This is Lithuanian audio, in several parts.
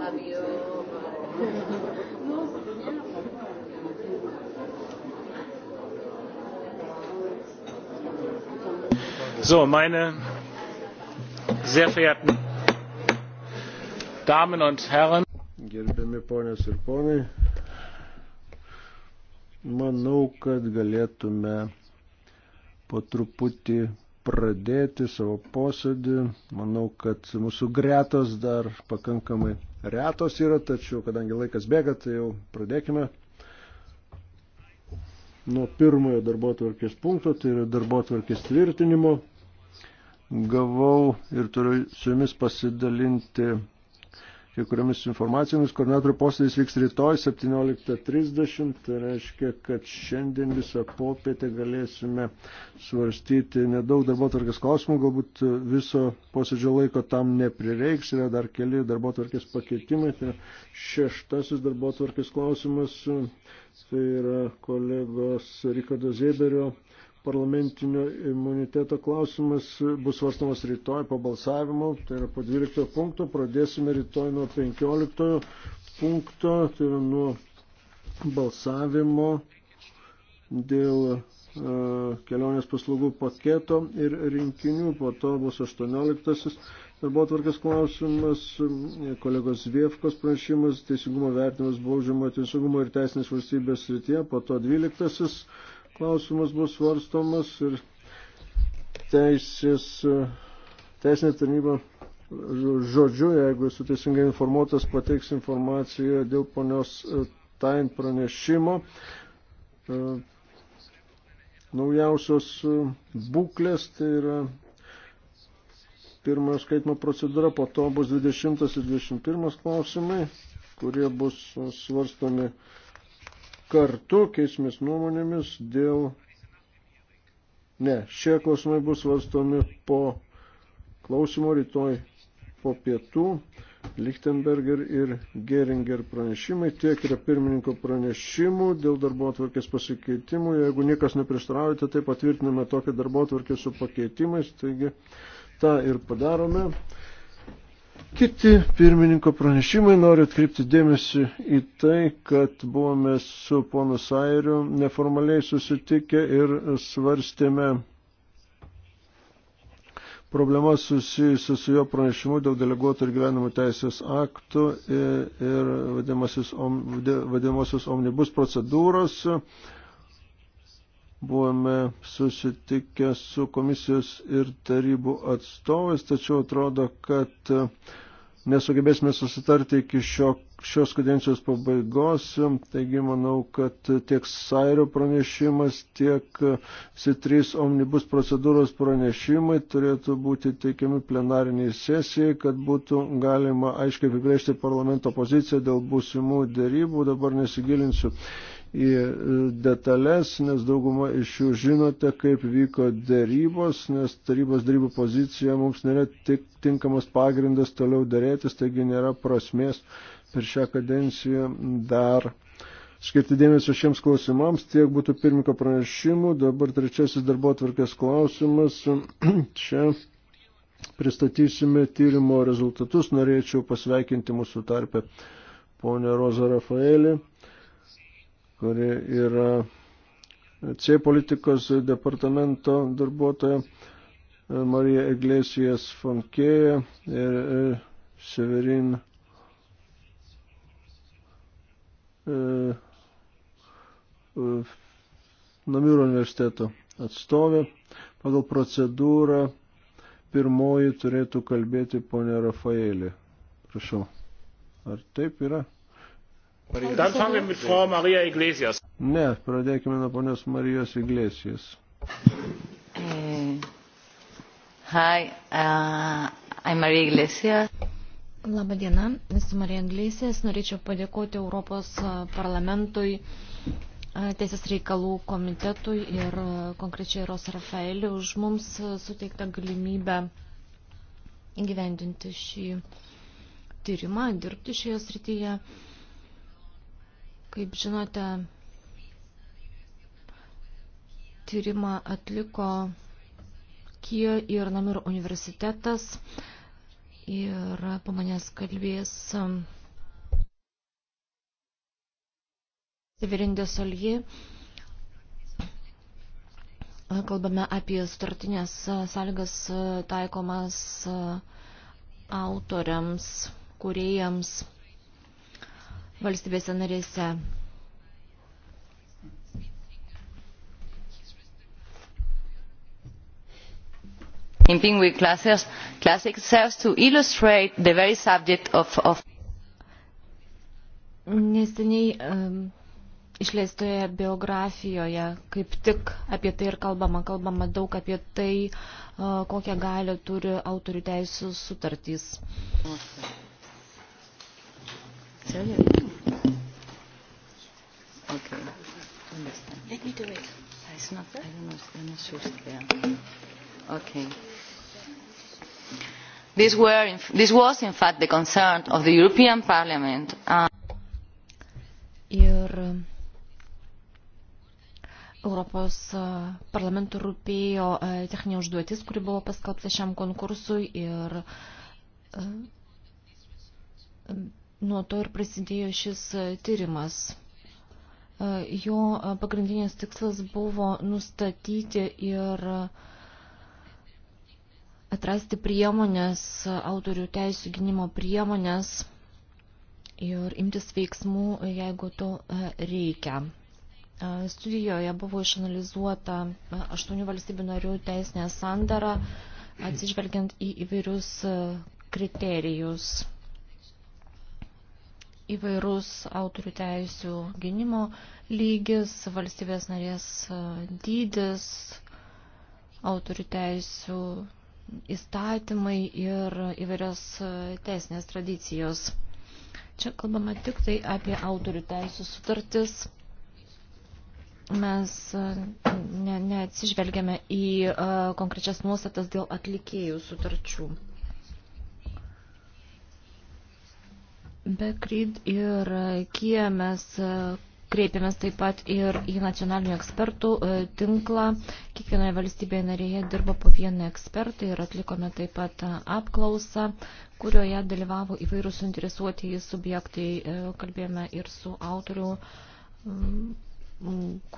avión. So, meine sehr verehrten Damen und Herren, gerbiami ponios ir ponai, manau, kad galėtume po truputį pradėti savo posėdį. Manau, kad mūsų gretos dar pakankamai retos yra, tačiau kadangi laikas bėga, tai jau pradėkime nuo pirmojo darbo tvarkės punkto, tai yra darbo tvarkės tvirtinimo. Gavau ir turiu su jumis pasidalinti kai kuriomis informacijomis. Koordinatorių posėdis vyks rytoj 17.30, tai reiškia, kad šiandien visą popietę galėsime svarstyti nedaug darbo tvarkės klausimų, galbūt viso posėdžio laiko tam neprireiks, yra dar keli darbo tvarkės pakeitimai, tai šeštasis darbo tvarkės klausimas, tai yra kolegos Rikardo Zėberio parlamentinio imuniteto klausimas bus svarstamas rytoj po balsavimo, tai yra po 12 punkto, pradėsime rytoj nuo 15 punkto, tai yra nuo balsavimo dėl e, kelionės paslaugų paketo ir rinkinių, po to bus 18. Darbo atvarkas klausimas, e, kolegos Vievkos pranešimas, teisingumo vertinimas baudžiamo teisingumo ir teisinės valstybės srityje, po to 12 klausimas bus svarstomas ir teisės, teisinė tarnyba žodžiu, jeigu esu teisingai informuotas, pateiks informaciją dėl ponios e, Tain pranešimo e, naujausios e, būklės, tai yra pirmojo skaitimo procedūra, po to bus 20 ir 21 klausimai, kurie bus svarstomi kartu keismės nuomonėmis dėl. Ne, šie klausimai bus varstomi po klausimo rytoj po pietų. Lichtenberger ir Geringer pranešimai, tiek yra pirmininko pranešimų dėl darbo atvarkės pasikeitimų. Jeigu niekas neprieštaraujate, tai patvirtiname tokią darbo atvarkę su pakeitimais, taigi tą ir padarome. Kiti pirmininko pranešimai noriu atkreipti dėmesį į tai, kad buvome su ponu Sairiu neformaliai susitikę ir svarstėme problemas susijusias su jo pranešimu dėl deleguotų ir gyvenimo teisės aktų ir, ir vadinamosios omnibus procedūros buvome susitikę su komisijos ir tarybų atstovais, tačiau atrodo, kad nesugebėsime susitarti iki šio šios kadencijos pabaigos. Taigi manau, kad tiek Sairio pranešimas, tiek C3 omnibus procedūros pranešimai turėtų būti teikiami plenariniai sesijai, kad būtų galima aiškiai apibrėžti parlamento poziciją dėl būsimų dėrybų. Dabar nesigilinsiu į detalės, nes dauguma iš jų žinote, kaip vyko dėrybos, nes tarybos dėrybų pozicija mums nėra tik tinkamas pagrindas toliau dėrėtis, taigi nėra prasmės per šią kadenciją dar skirti dėmesio šiems klausimams. Tiek būtų pirmiko pranešimų. Dabar trečiasis darbo atvarkės klausimas. Čia pristatysime tyrimo rezultatus. Norėčiau pasveikinti mūsų tarpę ponę Rozą Rafaelį, kuri yra C politikos departamento darbuotoja, Marija Eglesijas Fonkėja ir Severin E, e, Namiro universiteto atstovė. Pagal procedūrą pirmoji turėtų kalbėti ponė Rafaelė. Prašau. Ar taip yra? Dann fangen wir mit Frau Maria Iglesias. Ne, pradėkime nuo ponios Marijos Iglesias. Eh, hi, uh, I'm Maria Iglesias. Labą dieną, esu Marija Anglėsės. Norėčiau padėkoti Europos parlamentui, Teisės reikalų komitetui ir konkrečiai Ros Rafaeliu už mums suteiktą galimybę įgyvendinti šį tyrimą, dirbti šioje srityje. Kaip žinote, tyrimą atliko Kija ir Namir universitetas ir po manęs kalbės um, Severindė Solji. Kalbame apie sutartinės uh, sąlygas uh, taikomas uh, autoriams, kuriejams valstybėse narėse. Impingui klasės classic serves to illustrate the very subject of. of Neseniai um, išleistoje biografijoje kaip tik apie tai ir kalbama, kalbama daug apie tai, uh, kokią galę turi autorių teisų sutartys. Okay. Let me do it. It's not, I don't know, I'm not sure it's there. Okay. This, were, this was in fact the concern of the European Parliament. Uh, ir Europos e, parlamentų rūpėjo e, techninė užduotis, kuri buvo paskelbta šiam konkursui ir e, nuo to ir prasidėjo šis tyrimas. Jo pagrindinės tikslas buvo nustatyti ir uh, atrasti priemonės, autorių teisų gynimo priemonės ir imtis veiksmų, jeigu to e, reikia. E, studijoje buvo išanalizuota e, aštuonių valstybių narių teisinė sandara, atsižvelgiant į įvairius kriterijus įvairus autorių teisių gynimo lygis, valstybės narės dydis, autorių teisių įstatymai ir įvairios e, teisinės tradicijos. Čia kalbama tik tai apie autorių teisų sutartis. Mes e, ne, neatsižvelgiame į e, konkrečias nuostatas dėl atlikėjų sutarčių. Be Creed ir Kie mes Kreipiamės taip pat ir į nacionalinių ekspertų e, tinklą. Kiekvienoje valstybėje narėje dirbo po vieną ekspertą ir atlikome taip pat e, apklausą, kurioje dalyvavo įvairūs suinteresuotieji subjektai. E, kalbėjome ir su autorių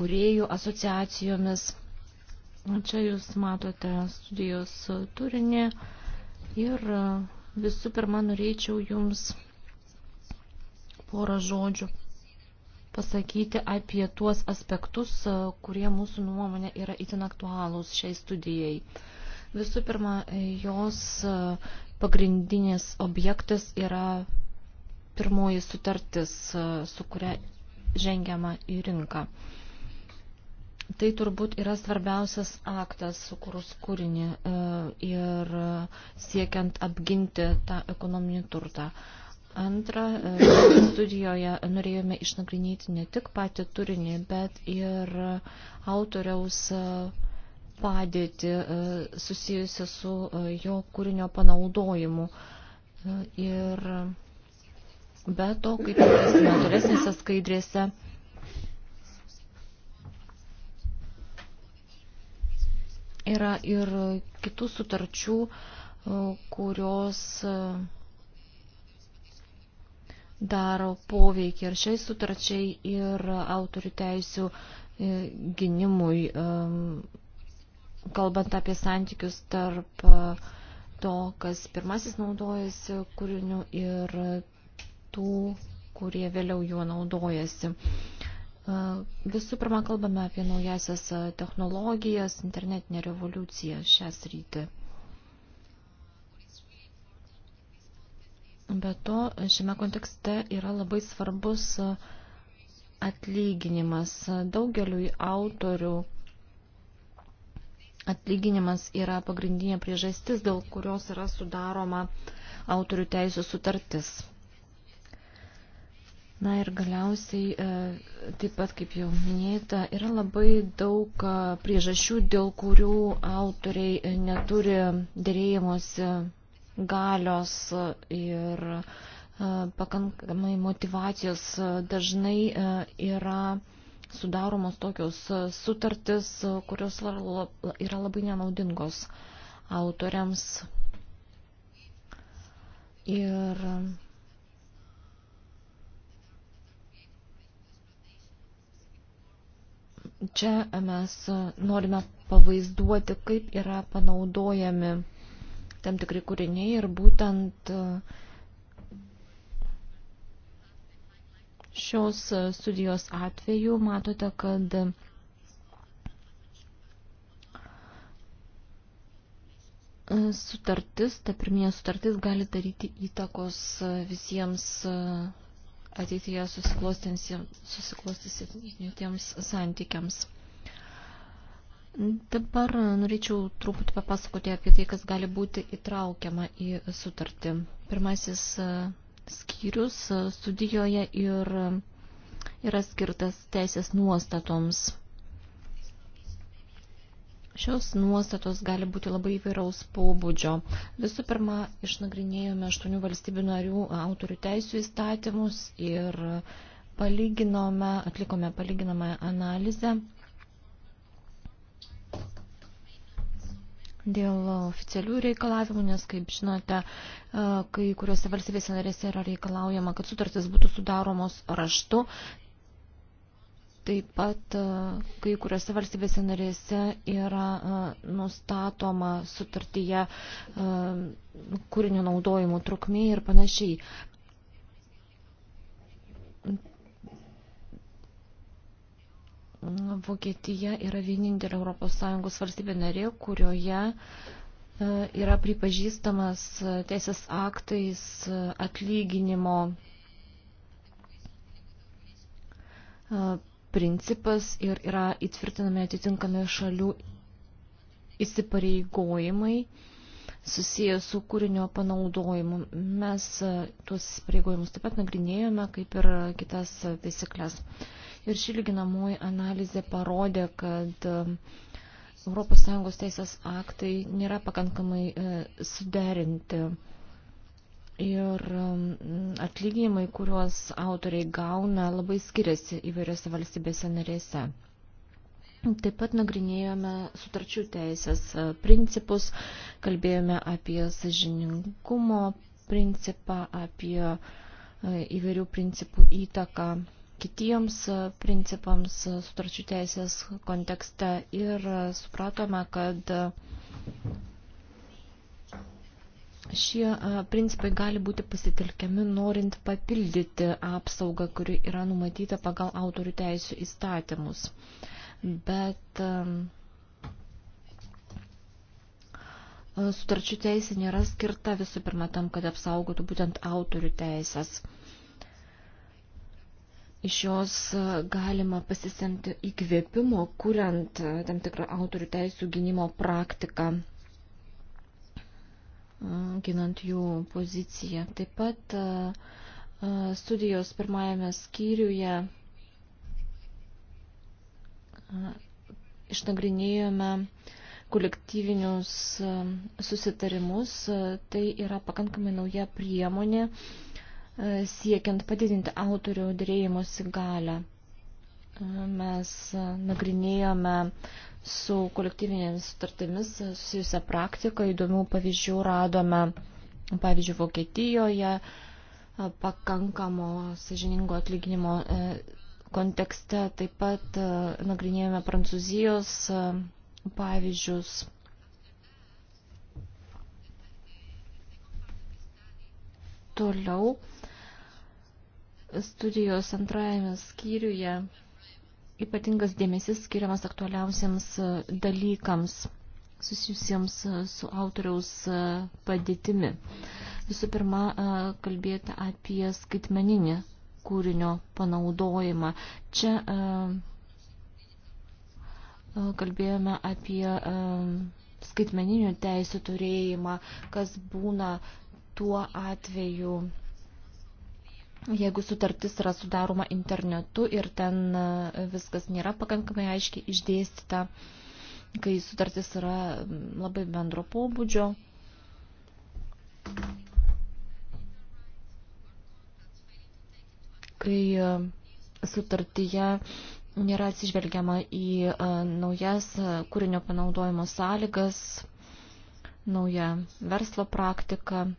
kuriejų asociacijomis. Čia jūs matote studijos turinį ir visų pirma norėčiau jums porą žodžių pasakyti apie tuos aspektus, e, kurie mūsų nuomonė yra itin aktualūs šiai studijai. Visų pirma, e, jos e, pagrindinės objektas yra pirmoji sutartis, su kuria žengiama į rinką. Tai turbūt yra svarbiausias aktas, sukūrus kūrinį ir siekiant apginti tą ekonominį turtą. Antra, e, studijoje norėjome išnagrinėti ne tik patį turinį, bet ir autoriaus e, padėtį e, susijusią su jo kūrinio panaudojimu. Ir be to, kaip matysime tolesnėse skaidrėse, yra ir kitų sutarčių, kurios daro poveikį ir šiai sutarčiai, ir autorių teisių e, gynimui, kalbant apie santykius tarp e, to, kas pirmasis naudojasi kūriniu ir tų, kurie vėliau juo naudojasi. E, visų pirma, kalbame apie naujasias technologijas, internetinę revoliuciją šią sritį. Be to, šiame kontekste yra labai svarbus e, atlyginimas. Daugeliu autorių atlyginimas yra pagrindinė priežastis, dėl kurios yra sudaroma autorių teisų sutartis. Na ir galiausiai, e, taip pat kaip jau minėta, yra labai daug e, priežasčių, dėl kurių autoriai neturi dėrėjimosi galios ir e, pakankamai motivacijos e, dažnai e, yra sudaromos tokios sutartis, kurios yra labai nenaudingos autoriams. Ir čia mes norime pavaizduoti, kaip yra panaudojami tam tikri kūriniai ir būtent e, šios studijos atveju matote, kad e, sutartis, ta pirminė sutartis gali daryti įtakos e, visiems ateityje susiklostysiems santykiams. Dabar norėčiau truputį papasakoti apie tai, kas gali būti įtraukiama į sutartį. Pirmasis e, skyrius e, studijoje ir e, yra skirtas teisės nuostatoms. Šios nuostatos gali būti labai įvairaus pobūdžio. Visų pirma, išnagrinėjome aštuonių valstybių narių autorių teisų įstatymus ir palyginome, atlikome palyginamą analizę dėl oficialių reikalavimų, nes, kaip žinote, e, kai kuriuose valstybėse narėse yra reikalaujama, kad sutartis būtų sudaromos raštu. Taip pat e, kai kuriuose valstybėse narėse yra e, nustatoma sutartyje kūrinio naudojimo trukmė ir panašiai. Vokietija yra vienintelė ES valstybė narė, kurioje e, yra pripažįstamas e, teisės aktais e, atlyginimo principas ir yra įtvirtinami atitinkami šalių įsipareigojimai susijęs su kūrinio panaudojimu. Mes tuos įsipareigojimus taip pat nagrinėjome, kaip ir kitas taisyklės. Uh, Ir ši lyginamoji analizė parodė, kad um, ES teisės aktai nėra pakankamai e, suderinti. Ir um, atlyginimai, kuriuos autoriai gauna, labai skiriasi įvairiose valstybėse narėse. Taip pat nagrinėjome sutarčių teisės e, principus, kalbėjome apie sažiningumo principą, apie e, įvairių principų įtaką kitiems e, principams e, sutarčių teisės kontekste ir e, supratome, kad šie principai gali būti pasitelkiami norint papildyti apsaugą, kuri yra numatyta pagal autorių teisų įstatymus. Bet sutarčių teisė nėra skirta visų pirma tam, kad apsaugotų būtent autorių teisės iš jos e, galima pasisemti įkvėpimo, kuriant e, tam tikrą autorių teisų gynimo praktiką, e, ginant jų poziciją. Taip pat studijos pirmajame skyriuje išnagrinėjome kolektyvinius susitarimus. Tai yra pakankamai nauja priemonė E, siekiant padidinti autorių dėrėjimosi galę. E, mes e, nagrinėjome su kolektyvinėmis sutartimis susijusią praktiką, įdomių pavyzdžių radome, pavyzdžiui, Vokietijoje pakankamo sažiningo atlyginimo kontekste, taip pat nagrinėjome Prancūzijos pavyzdžius Toliau studijos antrajame skyriuje ypatingas dėmesys skiriamas aktualiausiams e, dalykams susijusiems e, su autoriaus e, padėtimi. Visų pirma, kalbėti apie skaitmeninį kūrinio panaudojimą. Čia kalbėjome apie skaitmeninių teisų turėjimą, kas būna tuo atveju, jeigu sutartis yra sudaroma internetu ir ten e, viskas nėra pakankamai aiškiai išdėstyta, kai sutartis yra labai bendro pobūdžio. Kai e, sutartyje nėra atsižvelgiama į e, naujas kūrinio panaudojimo sąlygas, naują verslo praktiką,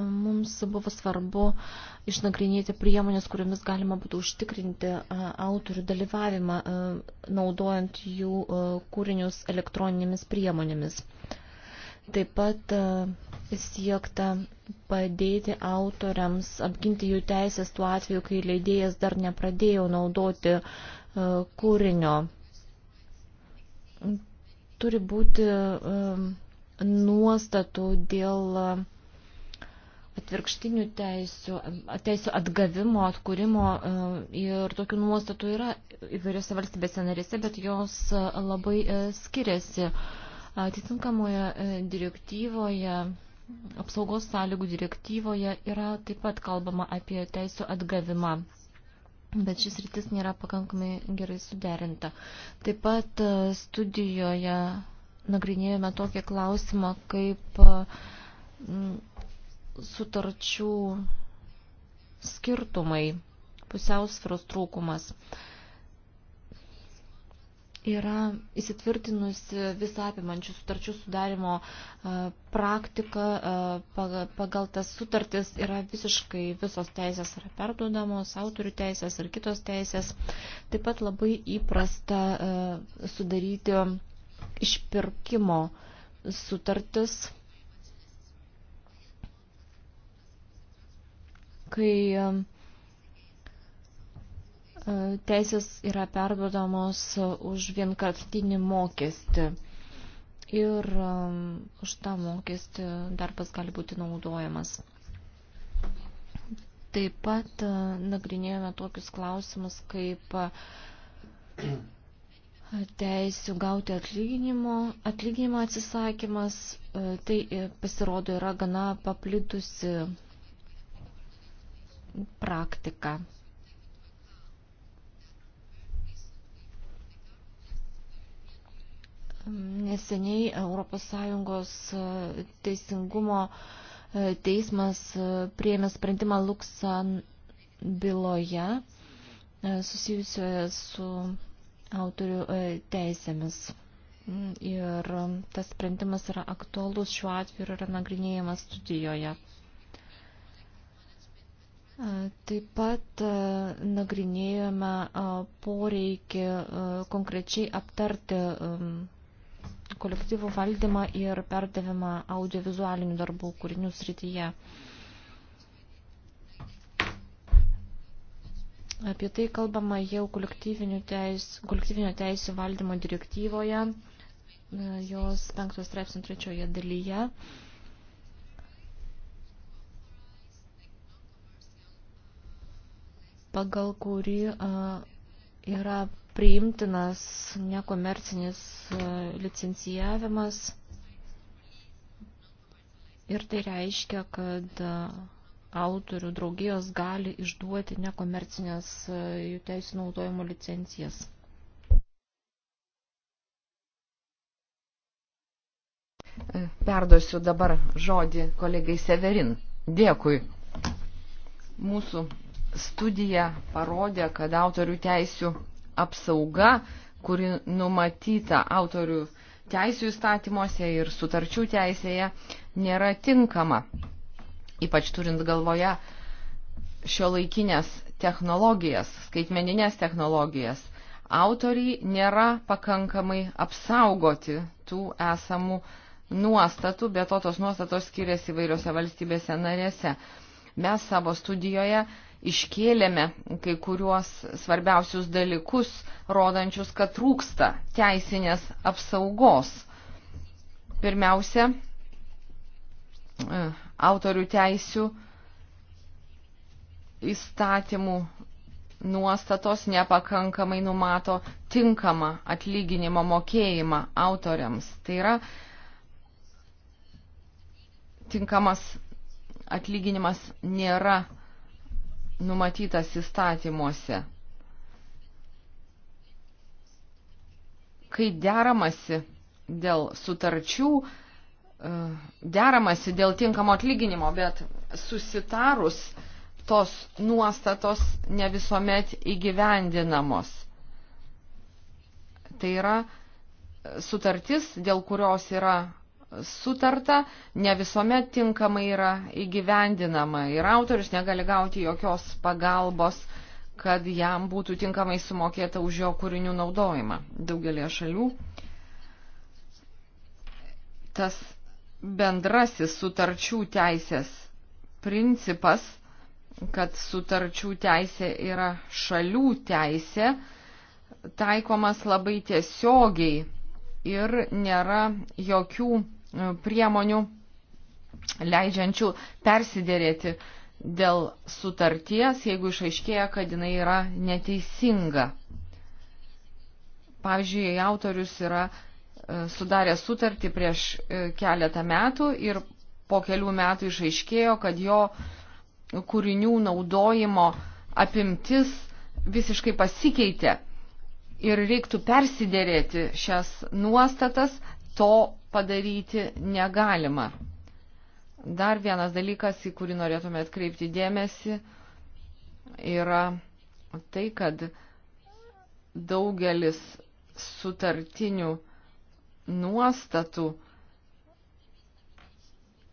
mums buvo svarbu išnagrinėti priemonės, kuriomis galima būtų užtikrinti autorių dalyvavimą, naudojant jų kūrinius elektroninėmis priemonėmis. Taip pat siekta padėti autoriams apginti jų teisės tuo atveju, kai leidėjas dar nepradėjo naudoti kūrinio. Turi būti nuostatų dėl atvirkštinių teisų, teisų atgavimo, atkūrimo e, ir tokių nuostatų yra įvairiose valstybėse narėse, bet jos e, labai e, skiriasi. Atitinkamoje direktyvoje, apsaugos sąlygų direktyvoje yra taip pat kalbama apie teisų atgavimą. Bet šis rytis nėra pakankamai gerai suderinta. Taip pat studijoje nagrinėjome tokį klausimą, kaip sutarčių skirtumai, pusiausvėros trūkumas yra įsitvirtinusi visą apimančių sutarčių sudarimo praktika, pagal tas sutartis yra visiškai visos teisės yra perduodamos, autorių teisės ir kitos teisės. Taip pat labai įprasta sudaryti išpirkimo sutartis kai e, teisės yra perduodamos už vienkartinį mokestį. Ir e, už tą mokestį darbas gali būti naudojamas. Taip pat e, nagrinėjome tokius klausimus kaip teisių gauti atlyginimo, atlyginimo atsisakymas. Tai pasirodo yra gana paplitusi praktiką. Neseniai ES e, teisingumo e, teismas e, prieėmė sprendimą Luksan byloje susijusioje su autorių teisėmis. Mm, ir tas sprendimas yra aktualus šiuo atveju ir yra nagrinėjimas studijoje. Taip pat nagrinėjome poreikį konkrečiai aptarti um, kolektyvų valdymą ir perdavimą audiovizualinių darbų kūrinių srityje. Apie tai kalbama jau kolektyvinio teisų valdymo direktyvoje, jos penktos straipsnių trečioje dalyje. pagal kurį yra priimtinas nekomercinis licencijavimas. Ir tai reiškia, kad autorių draugijos gali išduoti nekomercinės jų teisų naudojimo licencijas. E, perduosiu dabar žodį kolegai Severin. Dėkui. Mūsų studija parodė, kad autorių teisių apsauga, kuri numatyta autorių teisių įstatymuose ir sutarčių teisėje, nėra tinkama, ypač turint galvoje šio laikinės technologijas, skaitmeninės technologijas. Autoriai nėra pakankamai apsaugoti tų esamų nuostatų, bet to tos nuostatos skiriasi įvairiose valstybėse narėse. Mes savo studijoje iškėlėme kai kuriuos svarbiausius dalykus, rodančius, kad trūksta teisinės apsaugos. Pirmiausia, e, autorių teisių įstatymų nuostatos nepakankamai numato tinkamą atlyginimo mokėjimą autoriams. Tai yra tinkamas atlyginimas nėra numatytas įstatymuose. Kai deramasi dėl sutarčių, e, deramasi dėl tinkamo atlyginimo, bet susitarus tos nuostatos ne visuomet įgyvendinamos. Tai yra sutartis, dėl kurios yra sutarta, ne visuomet tinkamai yra įgyvendinama ir autorius negali gauti jokios pagalbos, kad jam būtų tinkamai sumokėta už jo kūrinių naudojimą. Daugelie šalių tas bendrasis sutarčių teisės principas, kad sutarčių teisė yra šalių teisė, taikomas labai tiesiogiai ir nėra jokių priemonių leidžiančių persidėrėti dėl sutarties, jeigu išaiškėja, kad jinai yra neteisinga. Pavyzdžiui, jei autorius yra e, sudarė sutartį prieš e, keletą metų ir po kelių metų išaiškėjo, kad jo kūrinių naudojimo apimtis visiškai pasikeitė ir reiktų persidėrėti šias nuostatas, to padaryti negalima. Dar vienas dalykas, į kurį norėtume atkreipti dėmesį, yra tai, kad daugelis sutartinių nuostatų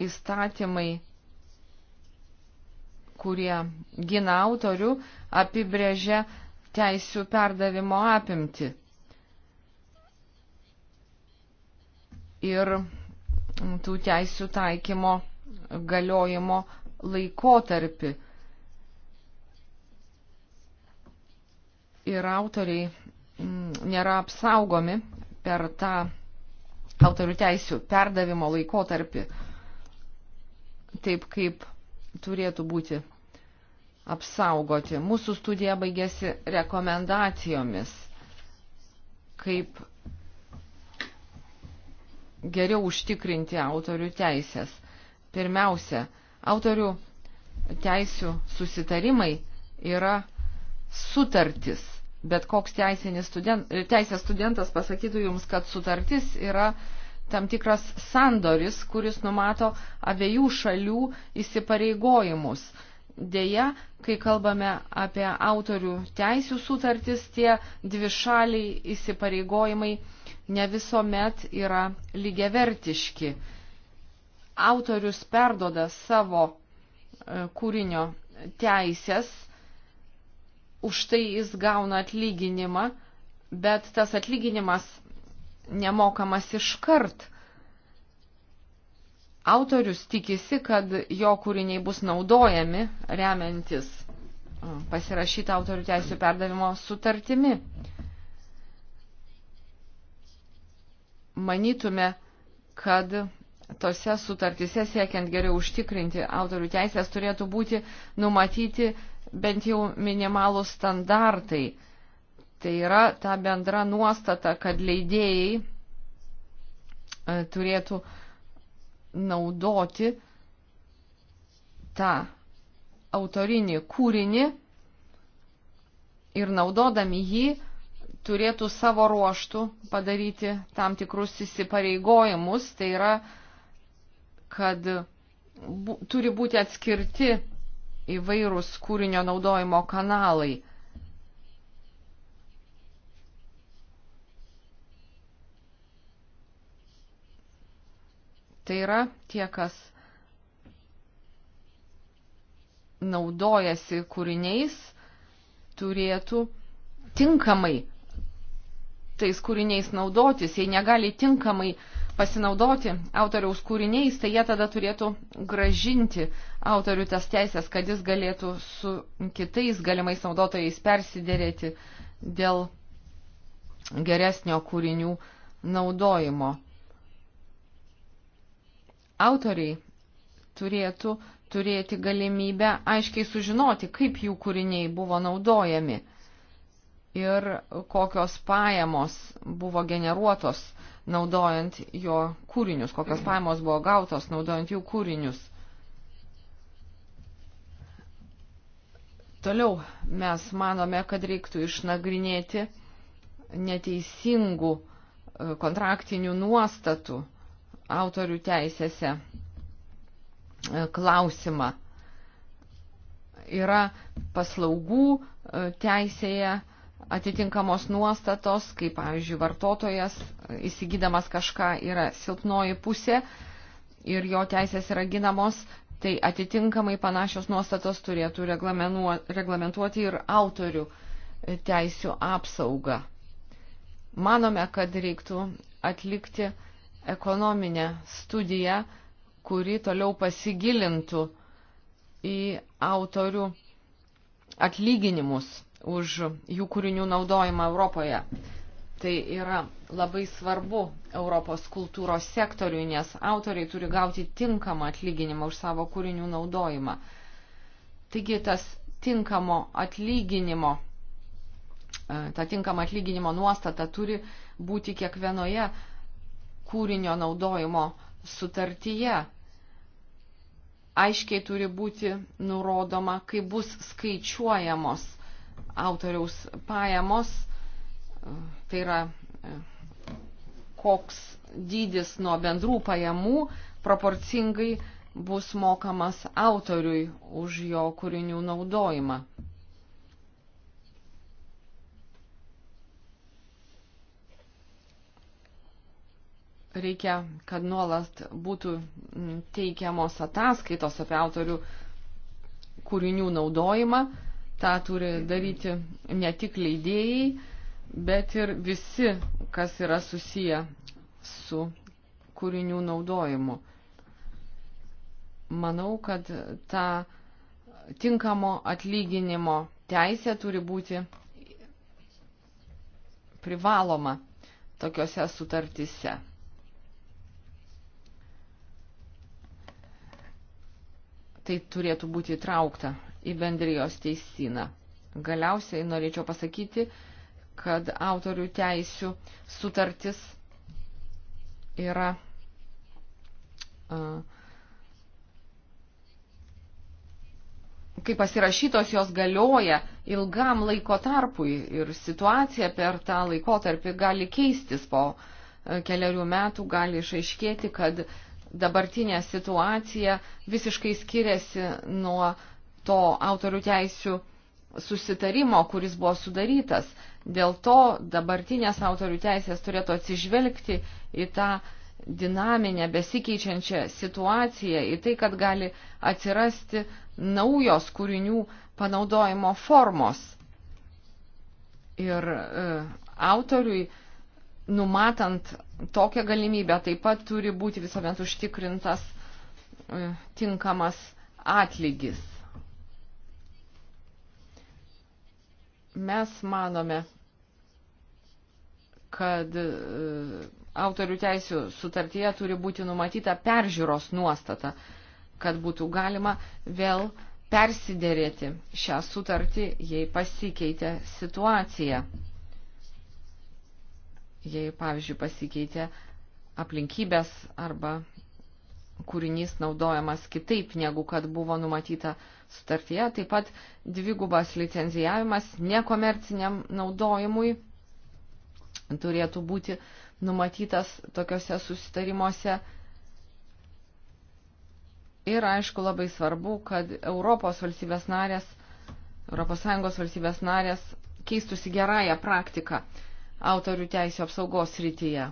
įstatymai, kurie gina autorių, apibrėžia teisų perdavimo apimti. ir tų teisų taikymo galiojimo laikotarpį. Ir autoriai mm, nėra apsaugomi per tą autorių teisų perdavimo laikotarpį taip, kaip turėtų būti apsaugoti. Mūsų studija baigėsi rekomendacijomis, kaip geriau užtikrinti autorių teisės. Pirmiausia, autorių teisių susitarimai yra sutartis. Bet koks student, teisės studentas pasakytų jums, kad sutartis yra tam tikras sandoris, kuris numato abiejų šalių įsipareigojimus. Deja, kai kalbame apie autorių teisių sutartis, tie dvišaliai įsipareigojimai ne visuomet yra lygiavertiški. Autorius perdoda savo e, kūrinio teisės, už tai jis gauna atlyginimą, bet tas atlyginimas nemokamas iškart. Autorius tikisi, kad jo kūriniai bus naudojami remiantis e, pasirašyta autorių teisų perdavimo sutartimi. manytume, kad tose sutartise siekiant geriau užtikrinti autorių teisės turėtų būti numatyti bent jau minimalų standartai. Tai yra ta bendra nuostata, kad leidėjai e, turėtų naudoti tą autorinį kūrinį ir naudodami jį turėtų savo ruoštų padaryti tam tikrus įsipareigojimus, tai yra, kad bu, turi būti atskirti įvairūs kūrinio naudojimo kanalai. Tai yra tie, kas naudojasi kūriniais, turėtų tinkamai tais kūriniais naudotis, jei negali tinkamai pasinaudoti autoriaus kūriniais, tai jie tada turėtų gražinti autorių tas teisės, kad jis galėtų su kitais galimais naudotojais persidėrėti dėl geresnio kūrinių naudojimo. Autoriai turėtų turėti galimybę aiškiai sužinoti, kaip jų kūriniai buvo naudojami ir kokios pajamos buvo generuotos naudojant jo kūrinius, kokios pajamos buvo gautos naudojant jų kūrinius. Toliau mes manome, kad reiktų išnagrinėti neteisingų e, kontraktinių nuostatų autorių teisėse e, klausimą. Yra paslaugų e, teisėje atitinkamos nuostatos, kaip, pavyzdžiui, vartotojas įsigydamas kažką yra silpnoji pusė ir jo teisės yra ginamos, tai atitinkamai panašios nuostatos turėtų reglamentuoti ir autorių e, teisių apsaugą. Manome, kad reiktų atlikti ekonominę studiją, kuri toliau pasigilintų į autorių atlyginimus už jų kūrinių naudojimą Europoje. Tai yra labai svarbu Europos kultūros sektoriui, nes autoriai turi gauti tinkamą atlyginimą už savo kūrinių naudojimą. Taigi tas tinkamo atlyginimo, e, ta tinkama atlyginimo nuostata turi būti kiekvienoje kūrinio naudojimo sutartyje. Aiškiai turi būti nurodoma, kaip bus skaičiuojamos autoriaus pajamos, tai yra e, koks dydis nuo bendrų pajamų proporcingai bus mokamas autoriui už jo kūrinių naudojimą. reikia, kad nuolat būtų teikiamos ataskaitos apie autorių kūrinių naudojimą. Ta turi daryti ne tik leidėjai, bet ir visi, kas yra susiję su kūrinių naudojimu. Manau, kad ta tinkamo atlyginimo teisė turi būti privaloma tokiuose sutartyse. Tai turėtų būti įtraukta į bendrijos teisiną. Galiausiai norėčiau pasakyti, kad autorių teisių sutartis yra kai pasirašytos jos galioja ilgam laiko tarpui ir situacija per tą laikotarpį gali keistis po keliarių metų, gali išaiškėti, kad dabartinė situacija visiškai skiriasi nuo to autorių teisių susitarimo, kuris buvo sudarytas. Dėl to dabartinės autorių teisės turėtų atsižvelgti į tą dinaminę, besikeičiančią situaciją, į tai, kad gali atsirasti naujos kūrinių panaudojimo formos. Ir e, autoriui, numatant tokią galimybę, taip pat turi būti visuomet užtikrintas e, tinkamas atlygis. Mes manome, kad e, autorių teisų sutartyje turi būti numatyta peržiūros nuostata, kad būtų galima vėl persidėrėti šią sutartį, jei pasikeitė situacija. Jei, pavyzdžiui, pasikeitė aplinkybės arba kūrinys naudojamas kitaip, negu kad buvo numatyta sutartyje. Taip pat dvigubas licenzijavimas nekomerciniam naudojimui turėtų būti numatytas tokiuose susitarimuose. Ir aišku, labai svarbu, kad Europos valstybės narės, ES valstybės narės keistųsi gerąją praktiką autorių teisų apsaugos rytyje.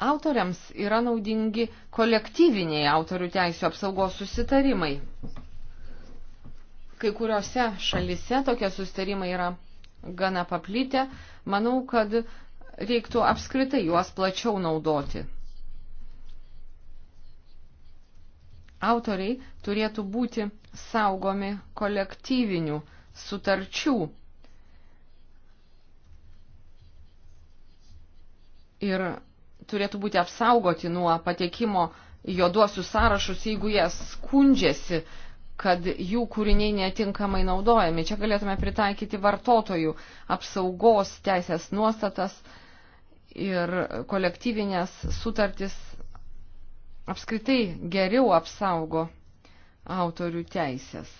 Autoriams yra naudingi kolektyviniai autorių teisų apsaugos susitarimai. Kai kuriuose šalise tokie susitarimai yra gana paplitę. Manau, kad reiktų apskritai juos plačiau naudoti. Autoriai turėtų būti saugomi kolektyvinių sutarčių. Ir turėtų būti apsaugoti nuo patekimo juoduosius sąrašus, jeigu jie skundžiasi, kad jų kūriniai netinkamai naudojami. Čia galėtume pritaikyti vartotojų apsaugos teisės nuostatas ir kolektyvinės sutartis apskritai geriau apsaugo autorių teisės.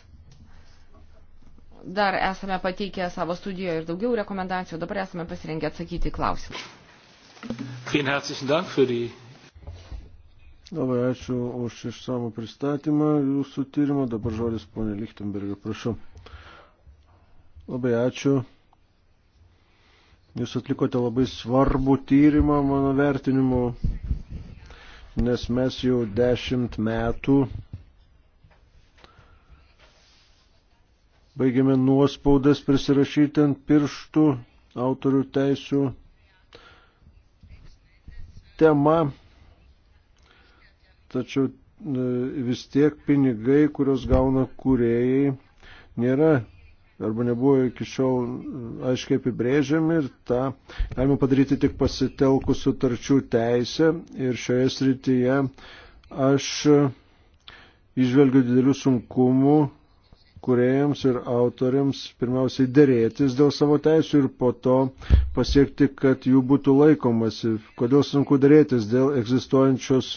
Dar esame pateikę savo studijoje ir daugiau rekomendacijų, dabar esame pasirengę atsakyti klausimus. Vielen herzlichen Dank für die. Labai ačiū už išsamų pristatymą jūsų tyrimo. Dabar žodis ponė Lichtenbergė, prašau. Labai ačiū. Jūs atlikote labai svarbų tyrimą mano vertinimu, nes mes jau dešimt metų baigėme nuospaudas prisirašyti ant pirštų autorių teisų tema, tačiau e, vis tiek pinigai, kurios gauna kūrėjai, nėra arba nebuvo iki šiol e, aiškiai apibrėžiami ir tą galima padaryti tik pasitelkus sutarčių teisę ir šioje srityje aš e, išvelgiu didelių sunkumų kuriejams ir autoriams pirmiausiai dėrėtis dėl savo teisų ir po to pasiekti, kad jų būtų laikomasi. Kodėl sunku dėrėtis dėl egzistuojančios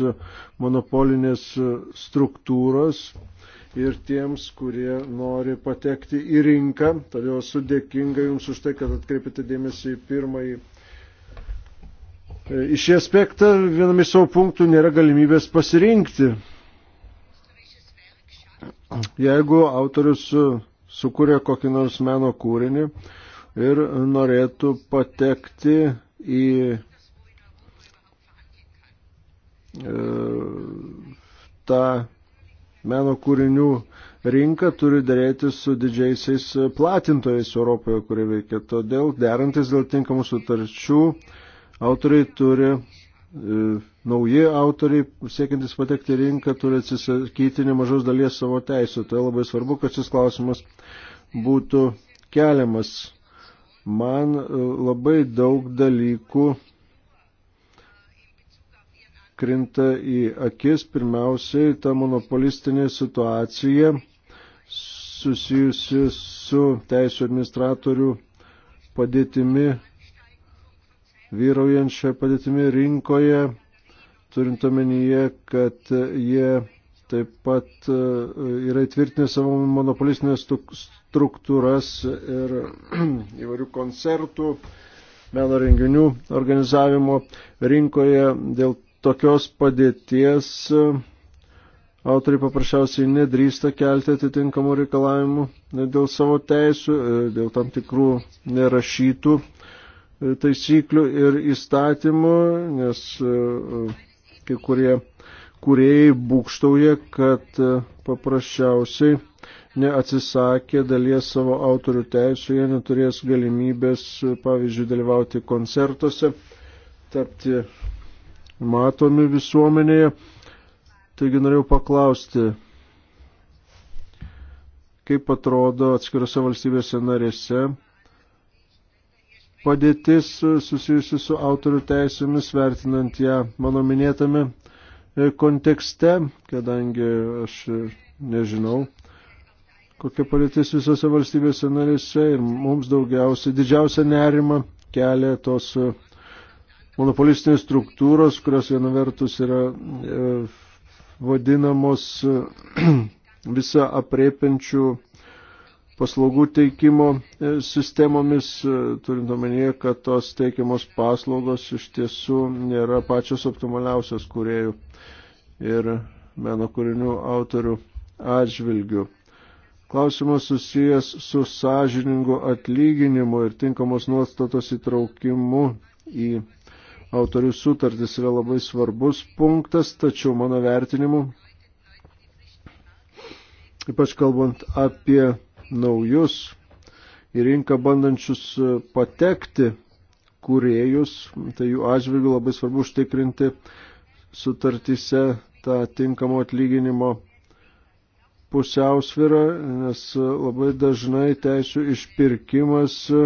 monopolinės struktūros ir tiems, kurie nori patekti į rinką. Todėl esu dėkinga Jums už tai, kad atkreipėte dėmesį į pirmąjį. Iš šį aspektą vienam iš savo punktų nėra galimybės pasirinkti Jeigu autorius e, sukūrė kokį nors meno kūrinį ir norėtų patekti į e, tą meno kūrinių rinką turi dėrėti su didžiaisiais platintojais Europoje, kurie veikia. Todėl derantis dėl tinkamų sutarčių autoriai turi e, nauji autoriai, siekiantis patekti rinką, turi atsisakyti nemažos dalies savo teisų. Tai labai svarbu, kad šis klausimas būtų keliamas. Man e, labai daug dalykų krinta į akis, pirmiausiai ta monopolistinė situacija susijusi su teisų administratorių padėtimi, vyraujančia padėtimi rinkoje, turint omenyje, kad jie taip pat e, yra įtvirtinę savo monopolistinės struktūras ir įvairių koncertų, meno renginių organizavimo rinkoje. Dėl tokios padėties e, autoriai paprasčiausiai nedrįsta kelti atitinkamų reikalavimų dėl savo teisų, e, dėl tam tikrų nerašytų taisyklių ir įstatymų, nes kai kurie kuriejai būkštauja, kad e, paprasčiausiai neatsisakė dalies savo autorių teisų, jie neturės galimybės, e, pavyzdžiui, dalyvauti koncertuose, tapti matomi visuomenėje. Taigi norėjau paklausti, kaip atrodo atskirose valstybėse narėse padėtis susijusi su autorių teisėmis, vertinant ją mano minėtame e, kontekste, kadangi aš nežinau, kokia padėtis visose valstybėse narėse ir mums daugiausia, didžiausia nerima kelia tos e, monopolistinės struktūros, kurios viena vertus yra e, vadinamos visą apriepiančių paslaugų teikimo e, sistemomis, e, turint omenyje, kad tos teikiamos paslaugos iš tiesų nėra pačios optimaliausios kuriejų ir meno kūrinių autorių atžvilgių. Klausimas susijęs su sąžiningu atlyginimu ir tinkamos nuostatos įtraukimu į autorių sutartis yra labai svarbus punktas, tačiau mano vertinimu, ypač kalbant apie naujus į rinką bandančius e, patekti kūrėjus, tai jų atžvilgių labai svarbu užtikrinti sutartyse tą tinkamo atlyginimo pusiausvyrą, nes labai dažnai teisų išpirkimas, e,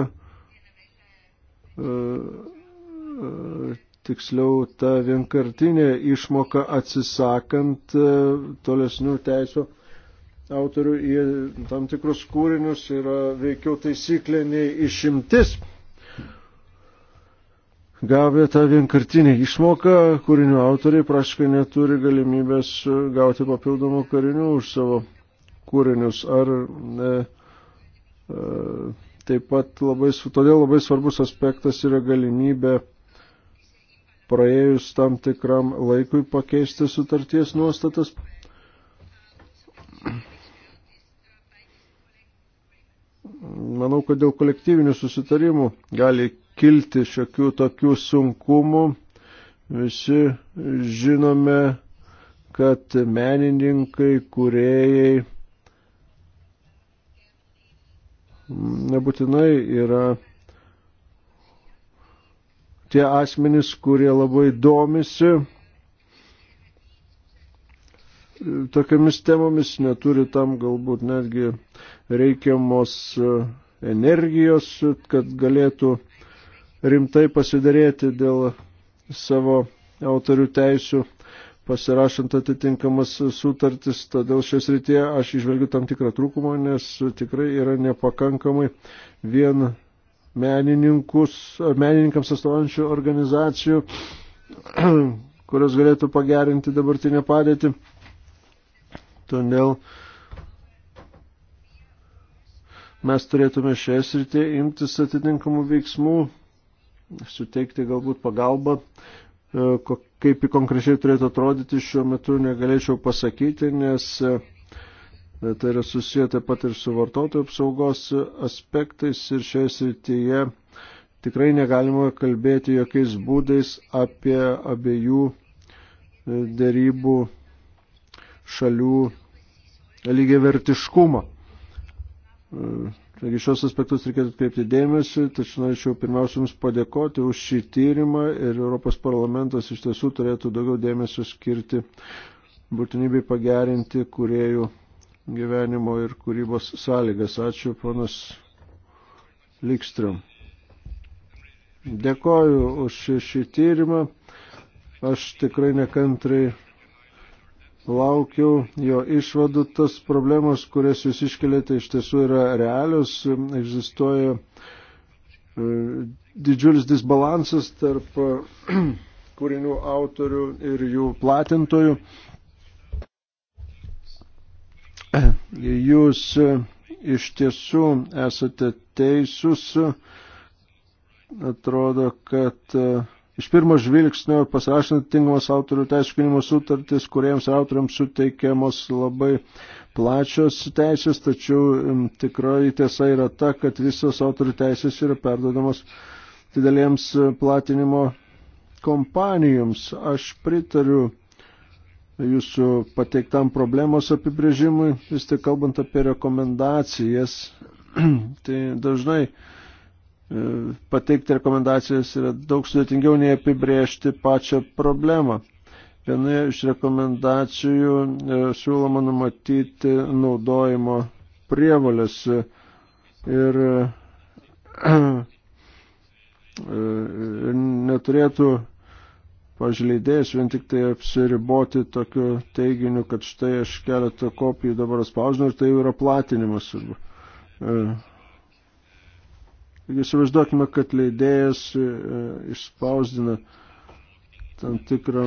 e, tiksliau ta vienkartinė išmoka atsisakant tolesnių teisų autorių į tam tikrus kūrinius yra veikiau taisyklė nei išimtis. Gavę tą vienkartinį išmoką, kūrinių autoriai praškai neturi galimybės gauti papildomų karinių už savo kūrinius. Ar ne, e, taip pat labai, todėl labai svarbus aspektas yra galimybė praėjus tam tikram laikui pakeisti sutarties nuostatas manau, kad dėl kolektyvinių susitarimų gali kilti šiokių tokių sunkumų. Visi žinome, kad menininkai, kuriejai nebūtinai yra tie asmenys, kurie labai domisi tokiamis temomis, neturi tam galbūt netgi reikiamos e, energijos, kad galėtų rimtai pasidarėti dėl savo autorių teisių, pasirašant atitinkamas sutartis. Todėl šios rytėje aš išvelgiu tam tikrą trūkumą, nes tikrai yra nepakankamai vien menininkams atstovaujančių organizacijų, kurios galėtų pagerinti dabartinę padėtį. Todėl mes turėtume šioje srityje imtis atitinkamų veiksmų, suteikti galbūt pagalbą, e, kaip į konkrečiai turėtų atrodyti šiuo metu negalėčiau pasakyti, nes e, tai yra susiję taip pat ir su vartotojų apsaugos aspektais ir šioje srityje tikrai negalima kalbėti jokiais būdais apie abiejų e, dėrybų šalių lygiai vertiškumą. E, taigi šios aspektus reikėtų atkreipti dėmesį, tačiau norėčiau pirmiausia Jums padėkoti už šį tyrimą ir Europos parlamentas iš tiesų turėtų daugiau dėmesio skirti būtinybei pagerinti kuriejų gyvenimo ir kūrybos sąlygas. Ačiū, ponas Likstrom. Dėkoju už šį tyrimą. Aš tikrai nekantrai laukiau jo išvadų. Tas problemos, kurias jūs iškelėte, iš tiesų yra realios. Egzistuoja e, didžiulis disbalansas tarp kūrinių autorių ir jų platintojų. Jūs e, iš tiesų esate teisus. Atrodo, kad uh, iš pirmo žvilgsnio pasirašant tinkamos autorių teisiškinimo sutartis, kuriems autoriams suteikiamos labai plačios teisės, tačiau tikrai tiesa yra ta, kad visos autorių teisės yra perdodamos didelėms e, platinimo kompanijoms. Aš pritariu jūsų pateiktam problemos apibrėžimui, vis tik kalbant apie rekomendacijas, tai dažnai pateikti rekomendacijas yra daug sudėtingiau nei apibrėžti pačią problemą. Vienoje iš rekomendacijų e, siūloma numatyti naudojimo prievalės e, ir, ir e, neturėtų, pažiūrėjęs, vien tik tai apsiriboti tokiu teiginiu, kad štai aš keletą kopijų dabar spausdinu ir tai jau yra platinimas. Arba, Įsivaizduokime, kad leidėjas e, išspausdina tam tikrą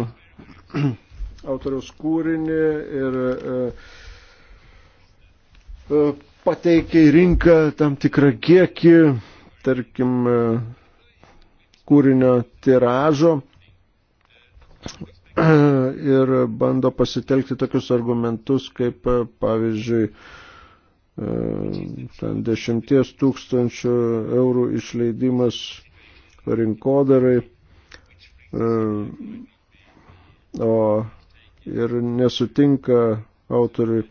autoriaus kūrinį ir e, e, pateikia į rinką tam tikrą kiekį, tarkim, kūrinio tiražo ir bando pasitelkti tokius argumentus, kaip pavyzdžiui, E, ten dešimties tūkstančių eurų išleidimas rinkodarai, e, o ir nesutinka autoriui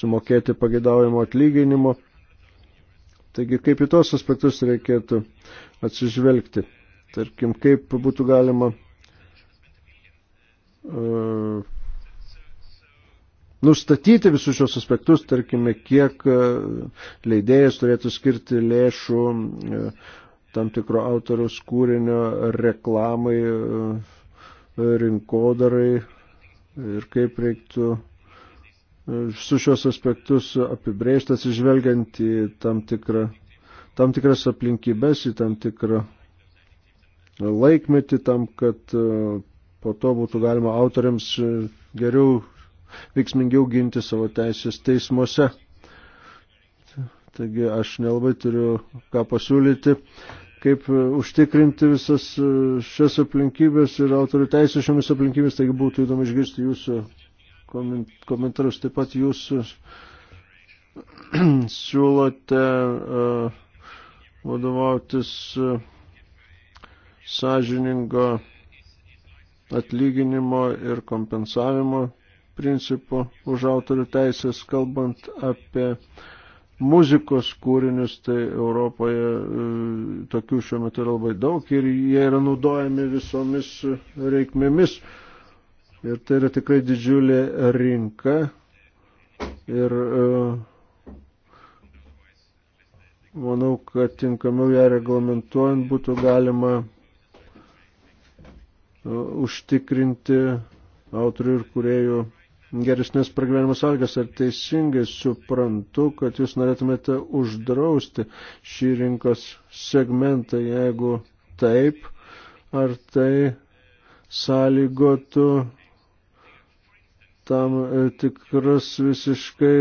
sumokėti pagėdaujamo atlyginimo. Taigi kaip į tos aspektus reikėtų atsižvelgti. Tarkim, kaip būtų galima uh, nustatyti visus šios aspektus, tarkime, kiek e, leidėjas turėtų skirti lėšų e, tam tikro autoriaus kūrinio reklamai, e, rinkodarai ir kaip reiktų su šios aspektus apibrėžtas, išvelgiant į tam, tikrą, tam tikras aplinkybės, į tam tikrą laikmetį, tam, kad po to būtų galima autoriams geriau veiksmingiau ginti savo teisės teismuose. Taigi aš nelabai turiu ką pasiūlyti, kaip e, užtikrinti visas e, šias aplinkybės ir autorių teisų šiomis aplinkybės, taigi būtų įdomu išgirsti jūsų komentarus. Taip pat jūs e, siūlote vadovautis sąžiningo atlyginimo ir kompensavimo principu už autorių teisės, kalbant apie muzikos kūrinius, tai Europoje e, tokių šiuo metu yra labai daug ir jie yra naudojami visomis reikmėmis. Ir tai yra tikrai didžiulė rinka. Ir e, manau, kad tinkamiau ją reglamentuojant būtų galima e, užtikrinti autorių ir kuriejų geresnės pragyvenimo sąlygas. Ar teisingai suprantu, kad jūs norėtumėte uždrausti šį rinkos segmentą, jeigu taip, ar tai sąlygotų tam e, tikrus visiškai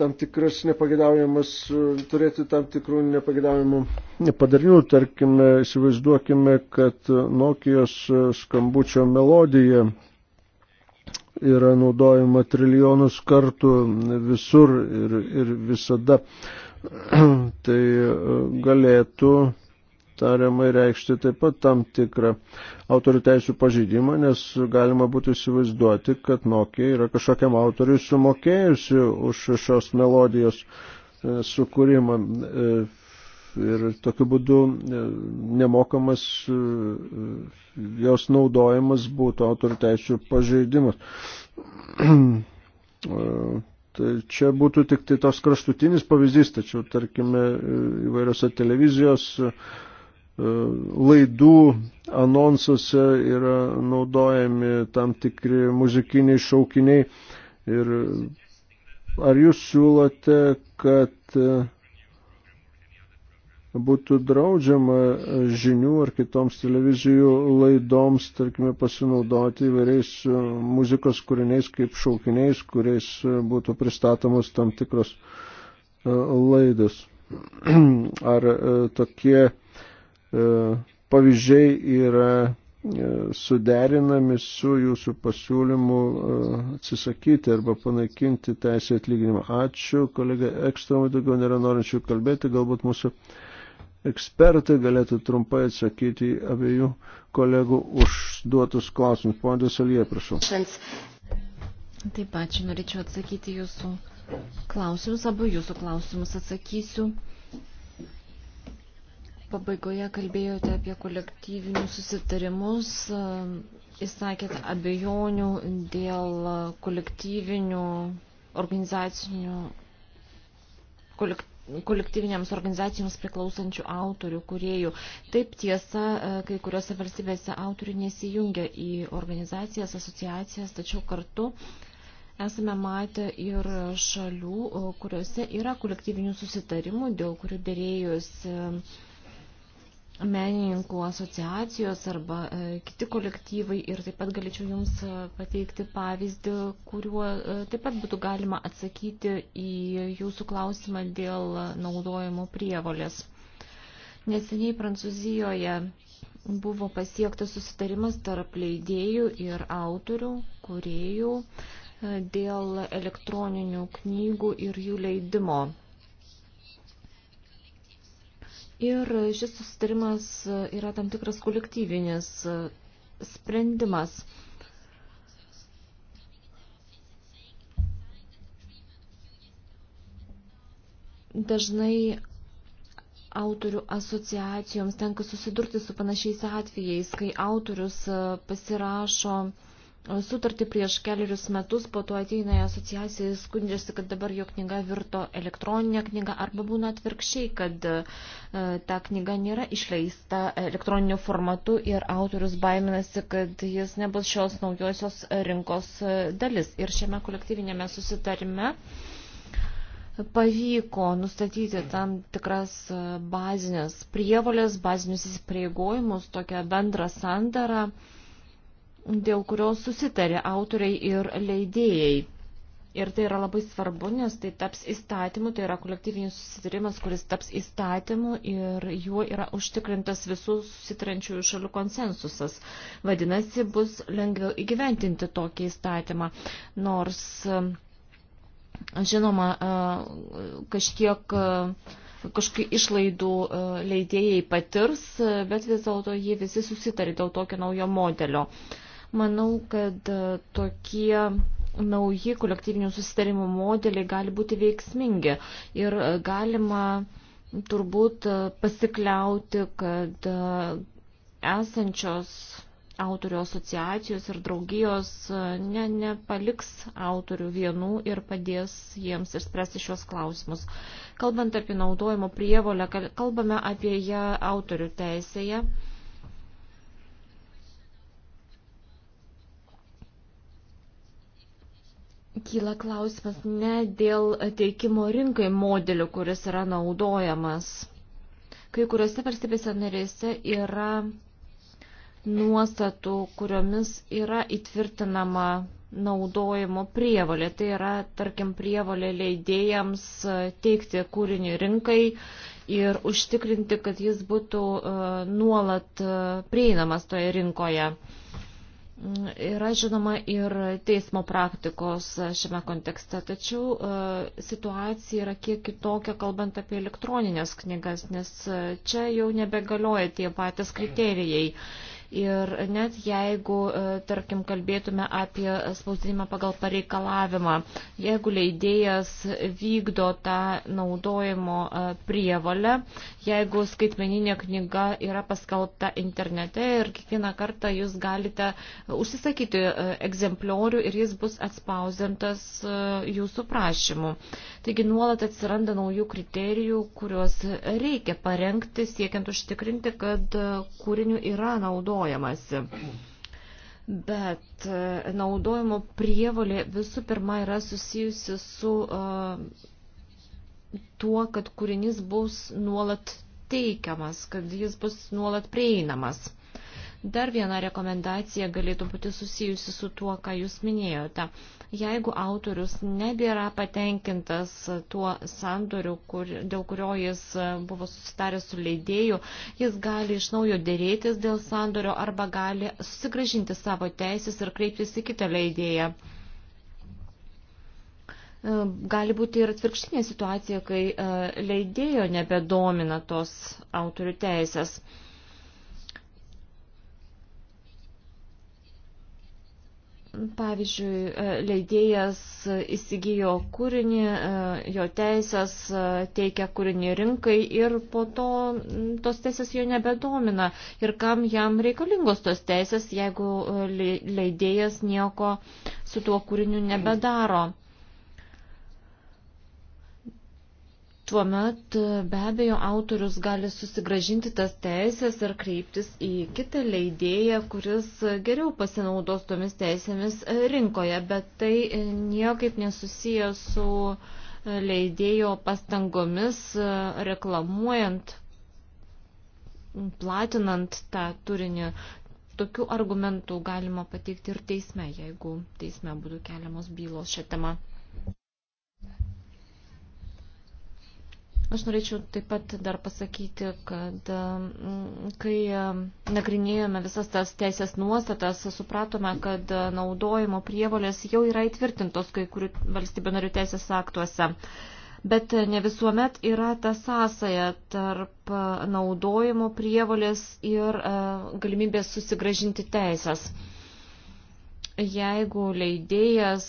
tam tikras nepagėdavimas, e, turėti tam tikrų nepagėdavimų padarinių. Tarkime, įsivaizduokime, kad Nokijos e, skambučio melodija yra naudojama trilijonus kartų visur ir, ir visada. tai e, galėtų tariamai reikšti taip pat tam tikrą autorių teisų pažydimą, nes galima būtų įsivaizduoti, kad Nokia yra kažkokiam autoriui sumokėjusi už šios melodijos e, sukūrimą. E, ir tokiu būdu e, nemokamas jos naudojimas būtų autorių teisų pažeidimas. Tai čia būtų tik tai tos kraštutinis pavyzdys, tačiau tarkime įvairiose televizijos laidų anonsuose yra naudojami tam tikri muzikiniai šaukiniai. Ir ar jūs siūlote, kad e, būtų draudžiama žinių ar kitoms televizijų laidoms, tarkime, pasinaudoti įvairiais e, muzikos kūriniais kaip šaukiniais, kuriais e, būtų pristatomos tam tikros laidos. Ar tokie E, pavyzdžiai yra e, suderinami su jūsų pasiūlymu e, atsisakyti arba panaikinti teisę atlyginimą. Ačiū, kolega Ekstromai, daugiau nėra norinčių kalbėti, galbūt mūsų ekspertai galėtų trumpai atsakyti abiejų kolegų užduotus klausimus. Pondė Salie, prašau. Taip, ačiū, norėčiau atsakyti jūsų klausimus, abu jūsų klausimus atsakysiu. Pabaigoje kalbėjote apie kolektyvinius susitarimus, įsakėt abejonių dėl kolektyvinių organizacinių, kolektyvinių kolektyvinėms organizacijoms priklausančių autorių, kuriejų. Taip tiesa, kai kuriuose valstybėse autorių nesijungia į organizacijas, asociacijas, tačiau kartu esame matę ir šalių, kuriuose yra kolektyvinių susitarimų, dėl kurių dėrėjus menininkų asociacijos arba e, kiti kolektyvai ir taip pat galėčiau Jums e, pateikti pavyzdį, kuriuo e, taip pat būtų galima atsakyti į Jūsų klausimą dėl naudojimo prievolės. Neseniai Prancūzijoje buvo pasiektas susitarimas tarp leidėjų ir autorių, kuriejų dėl elektroninių knygų ir jų leidimo Ir šis susitarimas yra tam tikras kolektyvinis sprendimas. Dažnai autorių asociacijoms tenka susidurti su panašiais atvejais, kai autorius pasirašo uh, sutartį prieš keliarius metus, po to ateina į asociaciją, skundžiasi, kad dabar jo knyga virto elektroninė knyga, arba būna atvirkščiai, kad e, ta knyga nėra išleista elektroniniu formatu ir autorius baiminasi, kad jis nebus šios naujosios rinkos e, dalis. Ir šiame kolektyvinėme susitarime pavyko nustatyti tam tikras e, bazinės prievolės, bazinius įsipareigojimus, tokią bendrą sandarą dėl kurios susitarė autoriai ir leidėjai. Ir tai yra labai svarbu, nes tai taps įstatymu, tai yra kolektyvinis susitarimas, kuris taps įstatymu ir juo yra užtikrintas visų susitrančiųjų šalių konsensusas. Vadinasi, bus lengviau įgyventinti tokį įstatymą. Nors, žinoma, kažkiek kažkokių išlaidų e, leidėjai patirs, bet vis dėlto jie visi susitarė dėl tokio naujo modelio. Manau, kad e, tokie nauji kolektyvinių susitarimų modeliai gali būti veiksmingi ir e, galima turbūt e, pasikliauti, kad esančios autorių asociacijos ir draugijos ne, nepaliks autorių vienų ir padės jiems išspręsti šios klausimus. Kalbant apie naudojimo prievolę, kalbame apie ją autorių teisėje. Kyla klausimas ne dėl teikimo rinkai modelių, kuris yra naudojamas. Kai kuriuose valstybėse narėse yra nuostatų, kuriomis yra įtvirtinama naudojimo prievalė. Tai yra, tarkim, prievalė leidėjams teikti kūrinį rinkai ir užtikrinti, kad jis būtų e, nuolat e, prieinamas toje rinkoje. Yra žinoma ir teismo praktikos šiame kontekste, tačiau e, situacija yra kiek kitokia, kalbant apie elektroninės knygas, nes e, čia jau nebegalioja tie patys kriterijai. Ir net jeigu, e, tarkim, kalbėtume apie spausdinimą pagal pareikalavimą, jeigu leidėjas vykdo tą naudojimo e, prievalę, jeigu skaitmeninė knyga yra paskalbta internete ir kiekvieną kartą jūs galite užsisakyti e, egzempliorių ir jis bus atspausdintas jūsų prašymu. Taigi nuolat atsiranda naujų kriterijų, kuriuos reikia parengti, siekiant užtikrinti, kad kūrinių yra naudojama naudojamasi. Bet e, naudojimo prievolė visų pirma yra susijusi su e, tuo, kad kūrinys bus nuolat teikiamas, kad jis bus nuolat prieinamas. Dar viena rekomendacija galėtų būti susijusi su tuo, ką jūs minėjote. Jeigu autorius nebėra patenkintas tuo sandoriu, kur, dėl kurio jis buvo susitaręs su leidėju, jis gali iš naujo dėrėtis dėl sandorio arba gali susigražinti savo teisės ir kreiptis į kitą leidėją. E, gali būti ir atvirkštinė situacija, kai e, leidėjo nebedomina tos autorių teisės. Pavyzdžiui, e, leidėjas įsigijo kūrinį, e, jo teisės e, teikia kūrinį rinkai ir po to tos teisės jo nebedomina. Ir kam jam reikalingos tos teisės, jeigu leidėjas nieko su tuo kūriniu nebedaro. tuomet be abejo autorius gali susigražinti tas teisės ir kreiptis į kitą leidėją, kuris geriau pasinaudos tomis teisėmis rinkoje, bet tai niekaip nesusiję su leidėjo pastangomis reklamuojant, platinant tą turinį. Tokių argumentų galima pateikti ir teisme, jeigu teisme būtų keliamos bylos šią temą. Aš norėčiau taip pat dar pasakyti, kad mm, kai mm, nagrinėjome visas tas teisės nuostatas, supratome, kad naudojimo prievolės jau yra įtvirtintos kai kurių valstybių narių teisės aktuose. Bet ne visuomet yra ta sąsaja tarp naudojimo prievolės ir e, galimybės susigražinti teisės. Jeigu leidėjas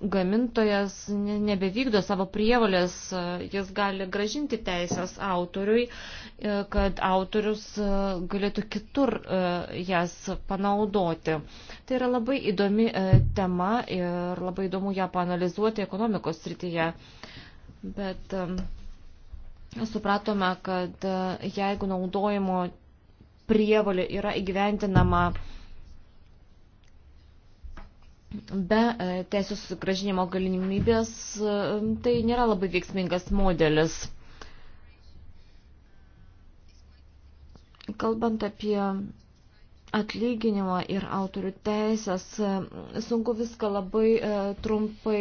gamintojas nebevykdo savo prievalės, e, jis gali gražinti teisės autoriui, e, kad autorius e, galėtų kitur jas panaudoti. Tai yra labai įdomi tema ir labai įdomu ją panalizuoti ekonomikos srityje. Bet supratome, kad jeigu naudojimo prievalė yra įgyventinama be e, teisų susigražinimo galimybės e, tai nėra labai veiksmingas modelis. Kalbant apie atlyginimą ir autorių teisės, e, sunku viską labai trumpai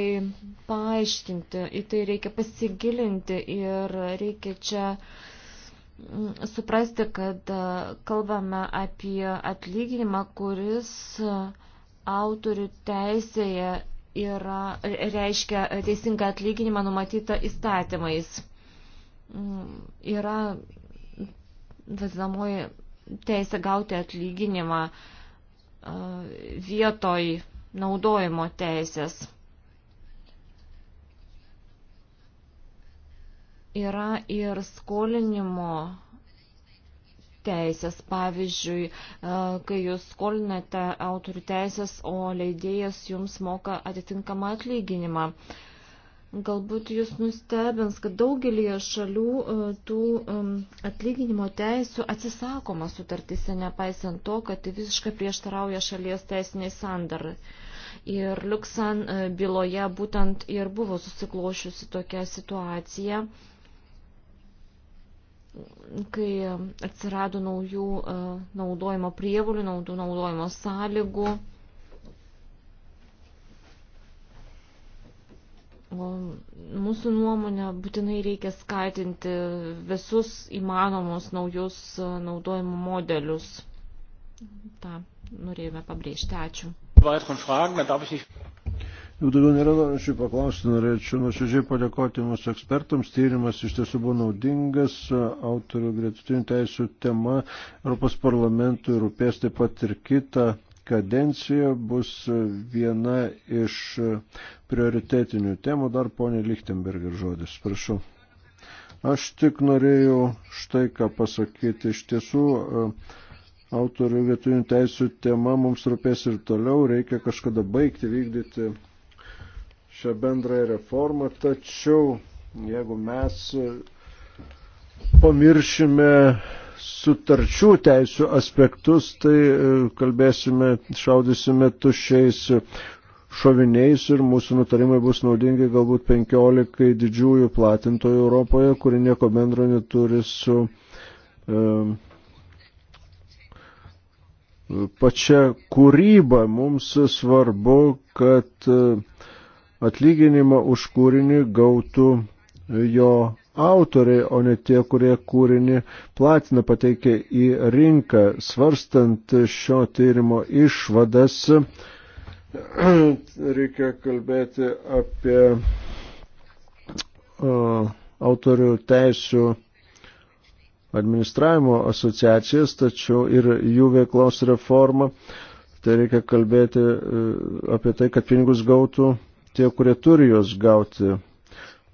paaiškinti. Į tai reikia pasigilinti ir reikia čia mm, suprasti, kad kalbame apie atlyginimą, kuris autorių teisėje yra, reiškia teisingą atlyginimą numatytą įstatymais. Mm, yra vadinamoji teisė gauti atlyginimą vietoj naudojimo teisės. Yra ir skolinimo teisės. Pavyzdžiui, kai jūs skolinate autorių teisės, o leidėjas jums moka atitinkamą atlyginimą. Galbūt jūs nustebins, kad daugelį šalių tų atlyginimo teisų atsisakoma sutartise, nepaisant to, kad tai visiškai prieštarauja šalies teisiniai sandarai. Ir Liuksan byloje būtent ir buvo susiklošiusi tokia situacija kai atsirado naujų e, naudojimo prievolių, naudų naudojimo sąlygų. O mūsų nuomonė būtinai reikia skatinti visus įmanomus naujus e, naudojimo modelius. Ta norėjome pabrėžti. Ačiū. Jau daugiau nėra norinčių paklausti, norėčiau nuoširdžiai padėkoti mūsų ekspertams. Tyrimas iš tiesų buvo naudingas, autorių gretutinių teisų tema Europos parlamentui rūpės taip pat ir kita kadencija bus viena iš prioritetinių temų. Dar ponė Lichtenberger žodis, prašau. Aš tik norėjau štai ką pasakyti. Iš tiesų, autorių vietinių teisų tema mums rūpės ir toliau. Reikia kažkada baigti vykdyti šią bendrąją reformą, tačiau jeigu mes pamiršime sutarčių teisų aspektus, tai e, kalbėsime, šaudysime tušiais šoviniais ir mūsų nutarimai bus naudingi galbūt 15 didžiųjų platintojų Europoje, kuri nieko bendro neturi su e, pačia kūryba. Mums svarbu, kad e, atlyginimą už kūrinį gautų jo autoriai, o ne tie, kurie kūrinį platina pateikia į rinką. Svarstant šio tyrimo išvadas, reikia kalbėti apie uh, autorių teisų administravimo asociacijas, tačiau ir jų veiklos reforma. Tai reikia kalbėti e, apie tai, kad pinigus gautų tie, kurie turi juos gauti.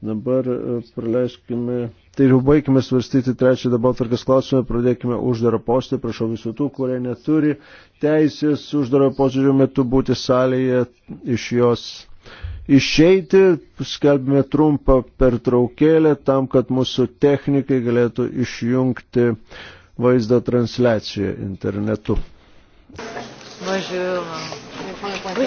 Dabar e, praleiskime, tai jau baigime svarstyti trečią dabar tvarkas klausimą, pradėkime uždarą postį, prašau visų tų, kurie neturi teisės uždaro posėdžio metu būti salėje iš jos išeiti, skelbime trumpą pertraukėlę tam, kad mūsų technikai galėtų išjungti vaizdo transliaciją internetu. Bonjour.